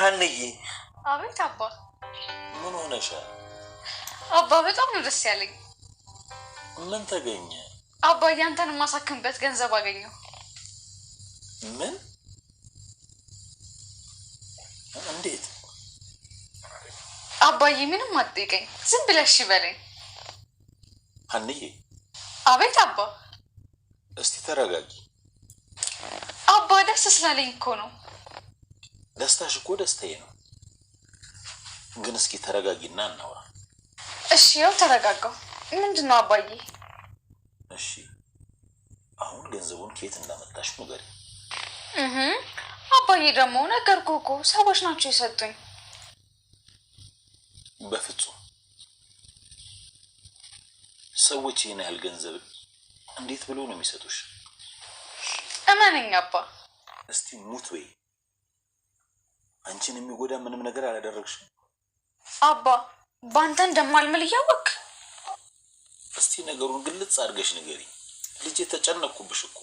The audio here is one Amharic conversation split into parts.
ሀንዬ አቤት አባ ምን ሆነሻል አባ በጣም ነው ደስ ያለኝ ምን ተገኘ አባ ያንተን የማሳክምበት ገንዘብ አገኘው ምን እንዴት አባዬ ምንም አትጠይቀኝ ዝም ብለሽ በለኝ ሀንዬ አቤት አባ እስቲ ተረጋጊ አባ ደስ ስላለኝ እኮ ነው ደስታሽ እኮ ደስታዬ ነው። ግን እስኪ ተረጋጊና እናውራ። እሺ፣ ያው ተረጋጋው። ምንድን ነው አባዬ? እሺ፣ አሁን ገንዘቡን ከየት እንዳመጣሽ ንገሪ። አባዬ ደግሞ ነገርኩህ እኮ ሰዎች ናቸው የሰጡኝ። በፍጹም ሰዎች ይህን ያህል ገንዘብ እንዴት ብሎ ነው የሚሰጡሽ? እመነኝ አባ። እስቲ ሙት ወይ አንቺን የሚጎዳ ምንም ነገር አላደረግሽ። አባ በአንተ እንደማልምል እያወቅ እስቲ ነገሩን ግልጽ አድርገሽ ንገሪ። ልጅ የተጨነኩብሽ እኮ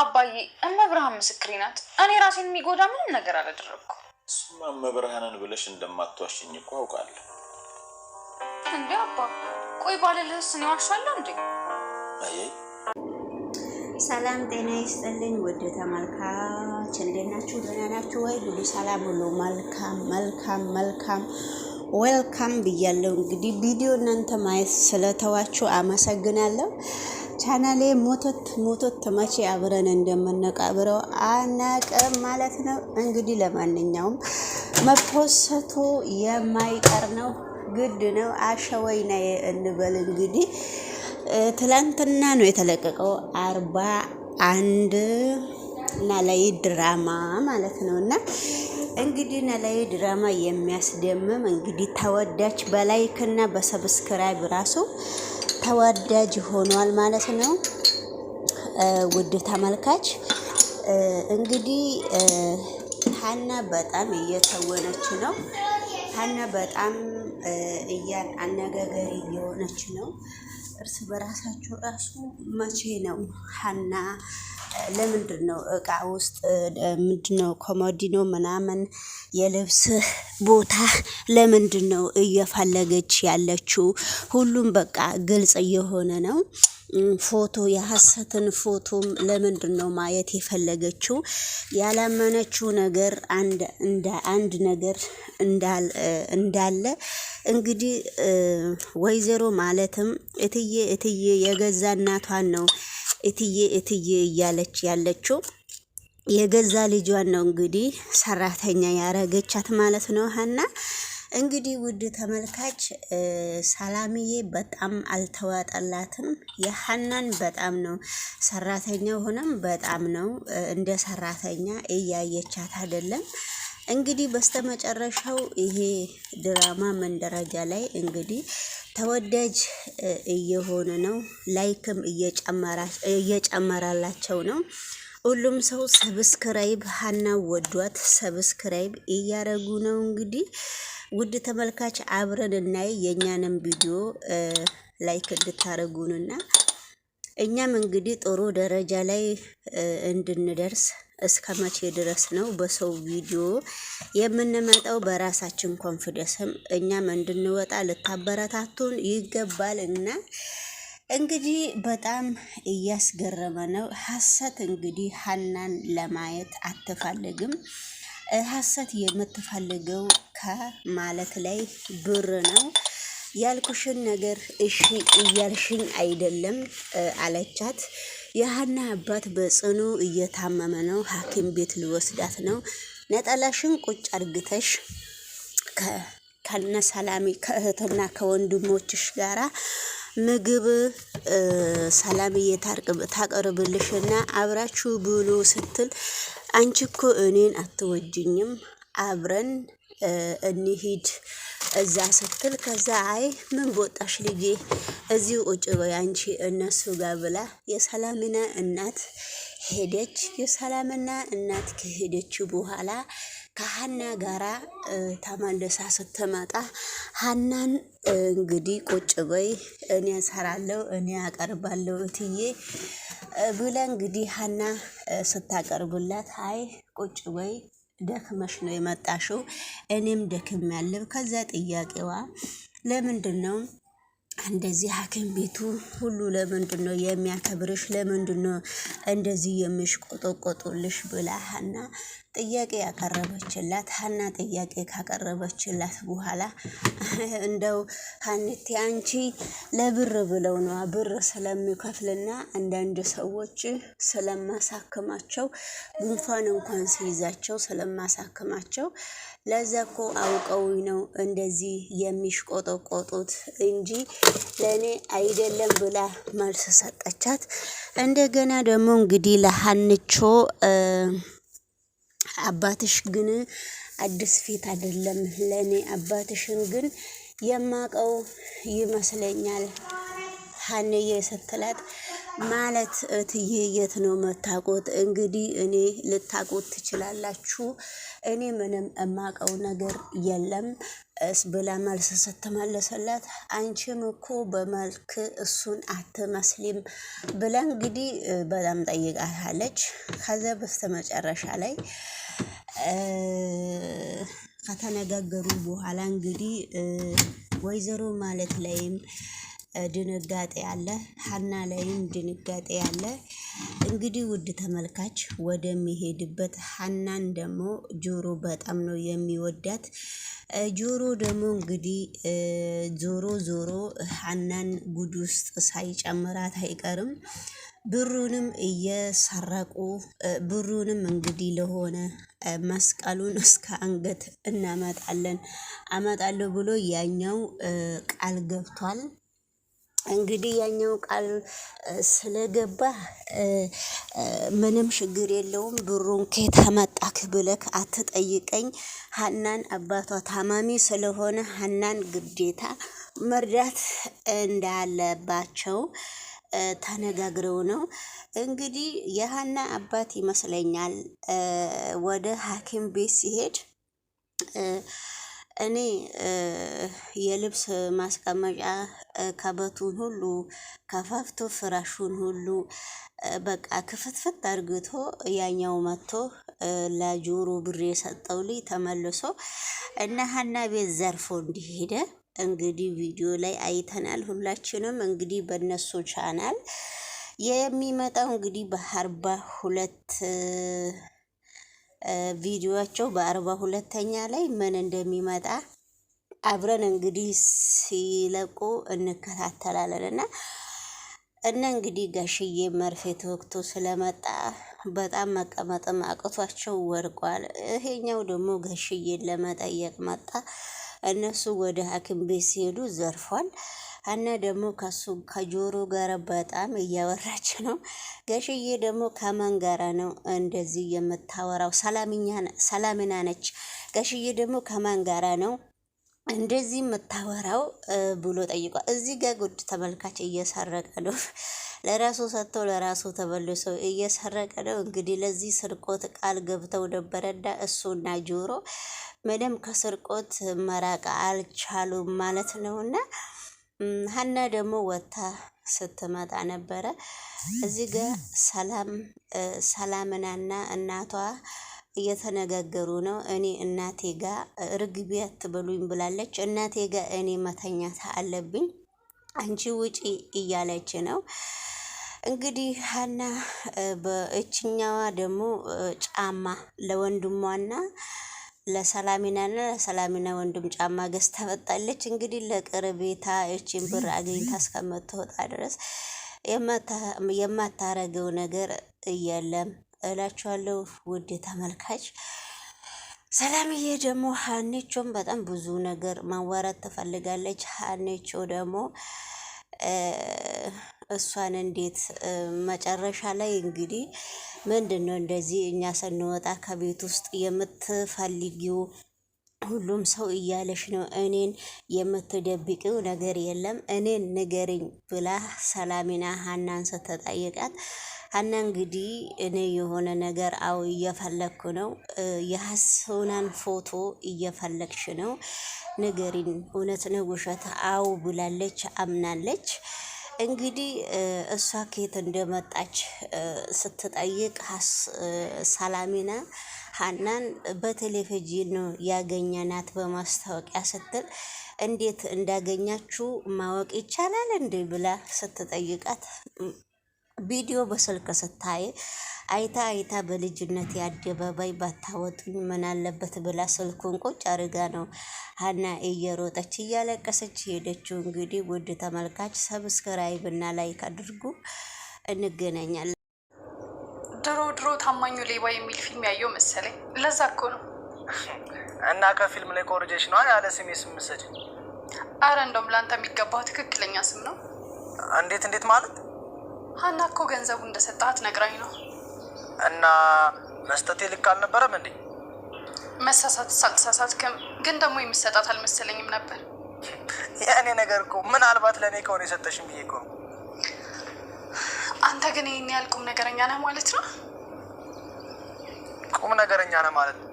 አባዬ። እመብርሃን ምስክሬ ናት። እኔ ራሴን የሚጎዳ ምንም ነገር አላደረግኩ። እሱማ እመብርሃንን ብለሽ እንደማትዋሽኝ እኮ አውቃለሁ። እንዴ አባ፣ ቆይ ባለልህስ እኔ ዋሻለሁ እንዴ? አይ ሰላም ጤና ይስጥልኝ ውድ ተመልካች፣ እንዴት ናችሁ? ደህና ናችሁ ወይ? ሁሉ ሰላም፣ ሁሉ መልካም መልካም መልካም ዌልካም ብያለሁ። እንግዲህ ቪዲዮ እናንተ ማየት ስለተዋችሁ አመሰግናለሁ። ቻናሌ ሞቶት ሞቶት መቼ አብረን እንደምንቀብረው አናቅም ማለት ነው። እንግዲህ ለማንኛውም መፖሰቱ የማይቀር ነው፣ ግድ ነው። አሸወይና እንበል እንግዲህ ትላንትና ነው የተለቀቀው አርባ አንድ ኖላዊ ድራማ ማለት ነው። እና እንግዲህ ኖላዊ ድራማ የሚያስደምም እንግዲህ ተወዳጅ በላይክ እና በሰብስክራይብ ራሱ ተወዳጅ ሆኗል ማለት ነው። ውድ ተመልካች እንግዲህ ሀና በጣም እየተወነች ነው። ሀና በጣም እያን አነጋገሪ እየሆነች ነው። እርስ በራሳቸው ራሱ መቼ ነው ሀና ለምንድን ነው እቃ ውስጥ ምንድን ነው ኮሞዲኖ ምናምን የልብስ ቦታ ለምንድን ነው እየፈለገች ያለችው? ሁሉም በቃ ግልጽ እየሆነ ነው። ፎቶ የሐሰትን ፎቶም ለምንድን ነው ማየት የፈለገችው? ያላመነችው ነገር አንድ ነገር እንዳለ እንግዲህ ወይዘሮ ማለትም እትዬ እትዬ የገዛ እናቷን ነው እትዬ እትዬ እያለች ያለችው የገዛ ልጇን ነው እንግዲህ ሰራተኛ ያረገቻት ማለት ነው ሀና እንግዲህ ውድ ተመልካች ሰላምዬ በጣም አልተዋጠላትም። የሀናን በጣም ነው ሰራተኛ ሆነም በጣም ነው እንደ ሰራተኛ እያየቻት አይደለም። እንግዲህ በስተመጨረሻው ይሄ ድራማ ምን ደረጃ ላይ እንግዲህ ተወዳጅ እየሆነ ነው። ላይክም እየጨመራላቸው ነው። ሁሉም ሰው ሰብስክራይብ ሀና ወዷት ሰብስክራይብ እያረጉ ነው። እንግዲህ ውድ ተመልካች አብረን እናይ። የእኛንም ቪዲዮ ላይክ እንድታረጉንና እኛም እንግዲህ ጥሩ ደረጃ ላይ እንድንደርስ እስከ መቼ ድረስ ነው በሰው ቪዲዮ የምንመጣው? በራሳችን ኮንፊደንስም እኛም እንድንወጣ ልታበረታቱን ይገባል እና እንግዲህ በጣም እያስገረመ ነው። ሀሰት እንግዲህ ሀናን ለማየት አትፈልግም። ሀሰት የምትፈልገው ከማለት ላይ ብር ነው። ያልኩሽን ነገር እሺ እያልሽኝ አይደለም አለቻት። የሀና አባት በጽኑ እየታመመ ነው። ሐኪም ቤት ልወስዳት ነው። ነጠላሽን ቁጭ አርግተሽ ከነ ከእህትና ከወንድሞችሽ ጋራ ምግብ ሰላምዬ ታቀርብልሽና አብራችሁ ብሉ ስትል አንቺ እኮ እኔን አትወጅኝም፣ አብረን እንሂድ እዛ ስትል ከዛ አይ ምን በወጣሽ ልጄ እዚሁ ቁጭ በይ አንቺ እነሱ ጋር ብላ የሰላምና እናት ሄደች። የሰላምና እናት ከሄደች በኋላ ከሀና ጋራ ተመልሳ ስትመጣ ሀናን እንግዲህ ቁጭ በይ እኔ ሰራለሁ እኔ ያቀርባለሁ እትዬ ብለ እንግዲህ ሀና ስታቀርብላት አይ ቁጭ በይ ደክመሽ ነው የመጣሽው፣ እኔም ደክም ያለው። ከዛ ጥያቄዋ ለምንድን ነው እንደዚህ ሐኪም ቤቱ ሁሉ ለምንድን ነው የሚያከብርሽ? ለምንድን ነው እንደዚህ የሚሽቆጠቆጡልሽ? ብላ ሀና ጥያቄ ያቀረበችላት ሀና ጥያቄ ካቀረበችላት በኋላ እንደው ሀንቴ አንቺ ለብር ብለው ነው ብር ስለሚከፍልና አንዳንድ ሰዎች ስለማሳክማቸው ጉንፋን እንኳን ሲይዛቸው ስለማሳክማቸው ለዛ እኮ አውቀው ነው እንደዚህ የሚሽቆጠቆጡት እንጂ ለእኔ አይደለም ብላ መልስ ሰጠቻት። እንደገና ደግሞ እንግዲህ ለሀንቾ አባትሽ ግን አዲስ ፊት አይደለም ለእኔ። አባትሽን ግን የማቀው ይመስለኛል ሀኔዬ ስትላት ማለት እትዬ የት ነው መታቆት? እንግዲህ እኔ ልታቆት ትችላላችሁ፣ እኔ ምንም እማቀው ነገር የለም እስ ብላ መልስ ስትመለሰላት አንቺም እኮ በመልክ እሱን አትመስሊም ብላ እንግዲህ በጣም ጠይቃታለች። ከዚያ በስተመጨረሻ ላይ ከተነጋገሩ በኋላ እንግዲህ ወይዘሮ ማለት ላይም ድንጋጤ አለ፣ ሀና ላይም ድንጋጤ አለ። እንግዲህ ውድ ተመልካች ወደሚሄድበት ሀናን ደግሞ ጆሮ በጣም ነው የሚወዳት። ጆሮ ደግሞ እንግዲህ ዞሮ ዞሮ ሀናን ጉድ ውስጥ ሳይጨምራት አይቀርም። ብሩንም እየሰረቁ ብሩንም እንግዲህ ለሆነ መስቀሉን እስከ አንገት እናመጣለን አመጣለሁ ብሎ ያኛው ቃል ገብቷል። እንግዲህ ያኛው ቃል ስለገባ ምንም ችግር የለውም። ብሩን ከየት አመጣክ ብለክ አትጠይቀኝ። ሀናን አባቷ ታማሚ ስለሆነ ሀናን ግዴታ መርዳት እንዳለባቸው ተነጋግረው ነው እንግዲህ የሀና አባት ይመስለኛል ወደ ሐኪም ቤት ሲሄድ እኔ የልብስ ማስቀመጫ ከበቱን ሁሉ ከፋፍቶ ፍራሹን ሁሉ በቃ ክፍትፍት አድርግቶ ያኛው መጥቶ ለጆሮ ብር የሰጠው ልጅ ተመልሶ እና ሀና ቤት ዘርፎ እንዲሄደ እንግዲህ ቪዲዮ ላይ አይተናል ሁላችንም። እንግዲህ በነሱ ቻናል የሚመጣው እንግዲህ በአርባ ሁለት ቪዲዮቸው በአርባ ሁለተኛ ላይ ምን እንደሚመጣ አብረን እንግዲህ ሲለቁ እንከታተላለን እና እነ እንግዲህ ጋሽዬ መርፌ ተወግቶ ስለመጣ በጣም መቀመጥም አቅቷቸው ወድቋል። ይሄኛው ደግሞ ጋሽዬን ለመጠየቅ መጣ። እነሱ ወደ ሐኪም ቤት ሲሄዱ ዘርፏል። እና ደግሞ ከሱ ከጆሮ ጋር በጣም እያወራች ነው። ገሽዬ ደግሞ ከማን ጋራ ነው እንደዚህ የምታወራው? ሰላምና ነች። ገሽዬ ደግሞ ከማን ጋራ ነው እንደዚህ የምታወራው ብሎ ጠይቋል። እዚህ ጋር ጉድ ተመልካች እየሰረቀ ነው። ለራሱ ሰጥተው ለራሱ ተመልሰው እየሰረቀ ነው። እንግዲህ ለዚህ ስርቆት ቃል ገብተው ነበረና እሱና ጆሮ ምንም ከስርቆት መራቅ አልቻሉም ማለት ነውና ሀና ደግሞ ወታ ስትመጣ ነበረ እዚህ ጋር ሰላም ሰላምናና እናቷ እየተነጋገሩ ነው። እኔ እናቴ ጋ ርግቢ አትበሉኝ ብላለች። እናቴ ጋ እኔ መተኛት አለብኝ፣ አንቺ ውጪ እያለች ነው እንግዲህ ሀና። በእችኛዋ ደግሞ ጫማ ለወንድሟና ለሰላሚናና ለሰላሚና ወንድም ጫማ ገዝታ መጣለች። እንግዲህ ለቅርቤታ እችን ብር አገኝታ እስከምትወጣ ድረስ የማታረገው ነገር የለም። እላችኋለሁ ውድ ተመልካች። ሰላምዬ ደግሞ ሀኔቾን በጣም ብዙ ነገር ማዋራት ትፈልጋለች። ሀኔቾ ደግሞ እሷን እንዴት መጨረሻ ላይ እንግዲህ ምንድን ነው እንደዚህ እኛ ስንወጣ ከቤት ውስጥ የምትፈልጊው ሁሉም ሰው እያለሽ ነው። እኔን የምትደብቂው ነገር የለም እኔን ንገርኝ ብላ ሰላሚና ሀናን ስትጠይቃት ሀና እንግዲህ እኔ የሆነ ነገር አው እየፈለግኩ ነው፣ የሀሰናን ፎቶ እየፈለግሽ ነው፣ ንገሪን እውነት ነው ውሸት? አው ብላለች፣ አምናለች። እንግዲህ እሷ ከየት እንደመጣች ስትጠይቅ ሳላሚና ሀናን በቴሌቪዥን ያገኘናት በማስታወቂያ ስትል እንዴት እንዳገኛችሁ ማወቅ ይቻላል እንዴ ብላ ስትጠይቃት ቪዲዮ በስልክ ስታይ አይታ አይታ በልጅነት የአደባባይ ባታወጡኝ ምን አለበት ብላ ስልኩን ቁጭ አርጋ ነው ሀና እየሮጠች እያለቀሰች ሄደችው። እንግዲህ ውድ ተመልካች ሰብስክራይብ እና ላይክ አድርጉ። እንገናኛለን። ድሮ ድሮ ታማኙ ሌባ የሚል ፊልም ያየው መሰለኝ። ለዛ እኮ ነው እና ከፊልም ላይ ኮርጀሽ ነዋ ያለ ስሜ ስም ሰጭ። አረ እንደውም ለአንተ የሚገባው ትክክለኛ ስም ነው። እንዴት እንዴት ማለት ሀና እኮ ገንዘቡ እንደሰጣት ነግራኝ ነው። እና መስጠቴ ልክ አልነበረም እንዴ? መሳሳት ሳልሳሳትክም፣ ግን ደግሞ የምሰጣት አልመሰለኝም ነበር። የእኔ ነገር እኮ ምናልባት ለእኔ ከሆነ የሰጠሽም ብዬ እኮ። አንተ ግን ይህን ያህል ቁም ነገረኛ ነህ ማለት ነው? ቁም ነገረኛ ነህ ማለት ነው።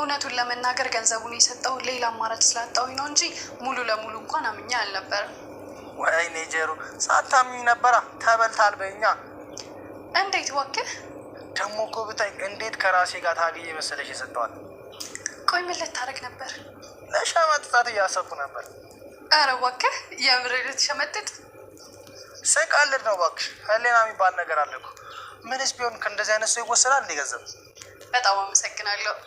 እውነቱን ለመናገር ገንዘቡን የሰጠው ሌላ አማራጭ ስላጣሁኝ ነው እንጂ ሙሉ ለሙሉ እንኳን አምኜ አልነበረም። ወይኔ ጀሩ ሳታሚኝ ነበራ ተበልታል። በኛ እንዴት ወክል ደግሞ እኮ ብታይ እንዴት ከራሴ ጋር ታግዬ መሰለሽ የሰጠዋል። ቆይ ምን ልታደርግ ነበር? ለሸመጥጣት እያሰብኩ ነበር። አረ ዋክህ የምር ልትሸመጥጥ ስቀልድ ነው እባክሽ። ህሌና የሚባል ነገር አለ እኮ ምንስ ቢሆን ከእንደዚህ አይነት ሰው ይወሰዳል እንዲገንዘብ። በጣም አመሰግናለሁ።